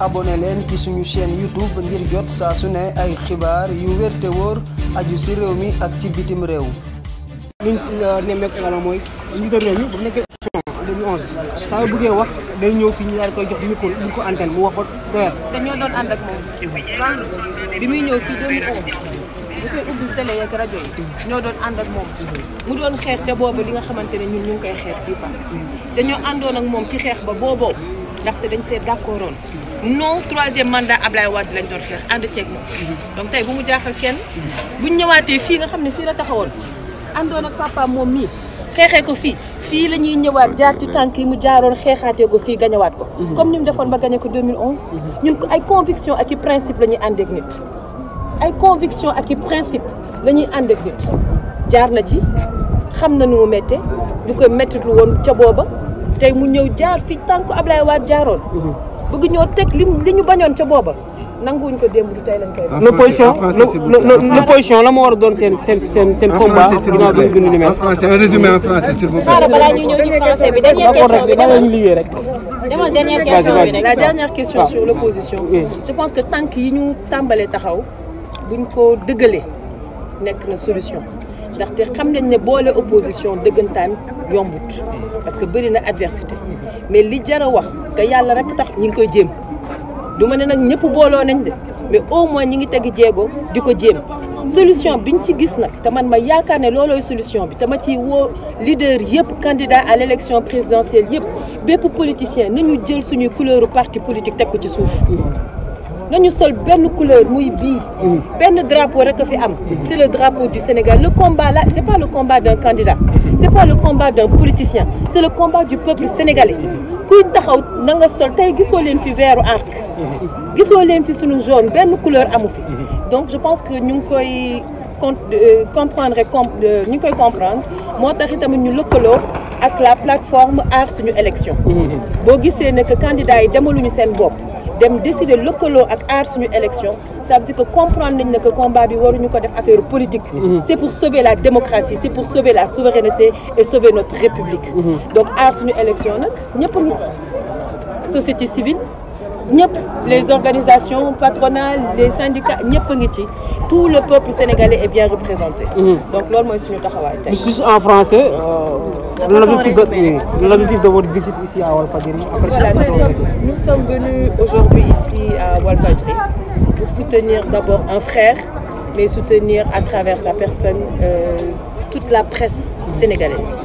abonné leen ci suñu chaîne YouTube ngir jot saa su ne ay xibaar yu wér te wóor aju si réew mi ak ci bitim réew. Euh, li mooy ñu doon réew mi bu nekkee élection 2011 saa yu bëggee wax day ñëw fi ñu daal koy jox di ñu ko ko doyal. te ñoo doon ànd ak moom. bi muy ñëw fii 2011. bu koy ubbi télé yeeg rajo yi ñoo doon ànd ak moom mu doon xeex te boobu li nga xamante ne ñun ñu ngi koy xeex fii pa dañoo àndoon ak moom ci xeex ba booboo ndaxte dañ see d'accordoon non troisième mandat Ablaye Wade lañ doon xeex ànd ceeg moom. donc tey bu mu jaaxal kenn. buñ ñëwaatee fii nga xam ne fii la taxawoon àndoon ak papa moom mii xeexee ko fii fii la ñuy ñëwaat jaar ci tànk yi mu jaaroon xeexaatee ko fii gañewaat ko. Mhm. comme ni mu defoon ba gañe ko 2011. Mhm. ñun ko ay conviction ak i principe la ñuy ànd ak nit. ay conviction ak i la ñuy ànd jaar na ci xam na nu mu méttee ñu koy métti woon ca booba tey mu ñëw jaar fii tànk Ablaye Wade jaaroon. Mhm. bëgg ñoo teg li li ñu bañoon ca booba nanguwuñ ko dem du tey lañ koy def. l'opposition la ma war a doon seen seen seen seen combat. ginnaaw bi ñu bind xaaral balaa ñuy ñëw ci bi dernière question liggéey rek. demal dernière question bi rek la dernière question sur l'opposition. je pense que tànk yi ñu tàmbalee taxaw buñ ko dëggalee nekk na solution. ndaxte xam nañ ne boole opposition dëggantaan yombut parce que bëri na adversité mais li jar a wax te yàlla rek tax ñi ngi ko jéem du ma ne nag ñëpp booloo nañ de mais au moins ñi ngi teg jéego di ko jéem solution bi ñu ci gis nag te man ma yaakaar ne loolooy solution bi te ma ciy woo leader yëpp candidat à l' élection présidentielle yëpp bépp politicien nañu jël suñuy couleuru parti politique teg ko ci suuf nañu sol benn couleur muy bii mm. benn drapeau rek a fi am c'est le drapeau du Sénégal le combat là c'est pas le combat d'un candidat c'est pas le combat d'un politicien c'est le combat du peuple sénégalais kuy taxaw nanga nga sol tey gisoo leen fi veeru arc gisoo leen fi suñu jaune benn couleur amu fi donc je pense que ñu ngi koy con euh, comprendre euh, ñu koy comprendre moo tax tamit ñu lëkkaloo ak la plateforme aar suñu élection mm-hmm. boo gisee ne que candidats yi demaluñu seen bopp dem décider lëkkaloo ak aar suñu élection ça veut dire que comprendre nañ ne que combat bi waruñu ko def affaire politique. Mm-hmm. c' est pour sauver la démocratie c' est pour sauver la souveraineté et sauver notre république. Mm-hmm. donc aar suñu élection nag ñëpp nit société civile. ñëpp les organisations patronales les syndicats ñëpp a ngi ci tout le peuple sénégalais est bien représenté. Mhm. donc loolu mooy suñu taxawaay tey. juste en français. Euh, l'objectif de l'objectif de votre visite ici à Walfadjri. voilà nous sommes nous sommes venus aujourd'hui ici à Walfadjri pour soutenir d'abord un frère mais soutenir à travers sa personne euh, toute la presse sénégalaise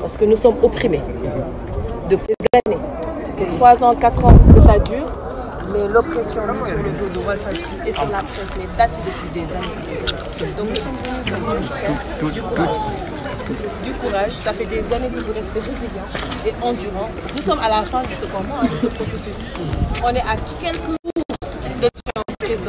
parce que nous sommes opprimés de 3 ans, 4 ans que ça dure, mais l'oppression mise sur le dos de Walf Fadjri et sur la presse mais date depuis des années. Donc nous sommes venus pour une du courage. Du courage, ça fait des années que vous restez résilient et endurant. Nous sommes à la fin de ce combat, hein, ce processus. On est à quelques jours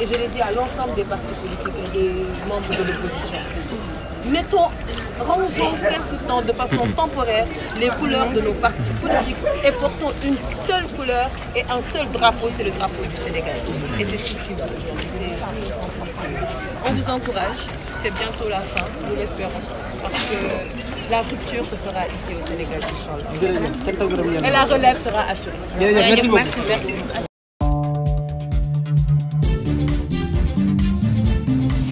et je l'ai dit à l'ensemble des partis politiques et des membres de l'opposition. Mettons, rangeons quelques temps de façon temporaire les couleurs de nos partis politiques et portons une seule couleur et un seul drapeau, c'est le drapeau du Sénégal. Et c'est ce qui va. On vous encourage, c'est bientôt la fin, nous l'espérons, parce que la rupture se fera ici au Sénégal, Inch'Allah. Et la relève sera assurée.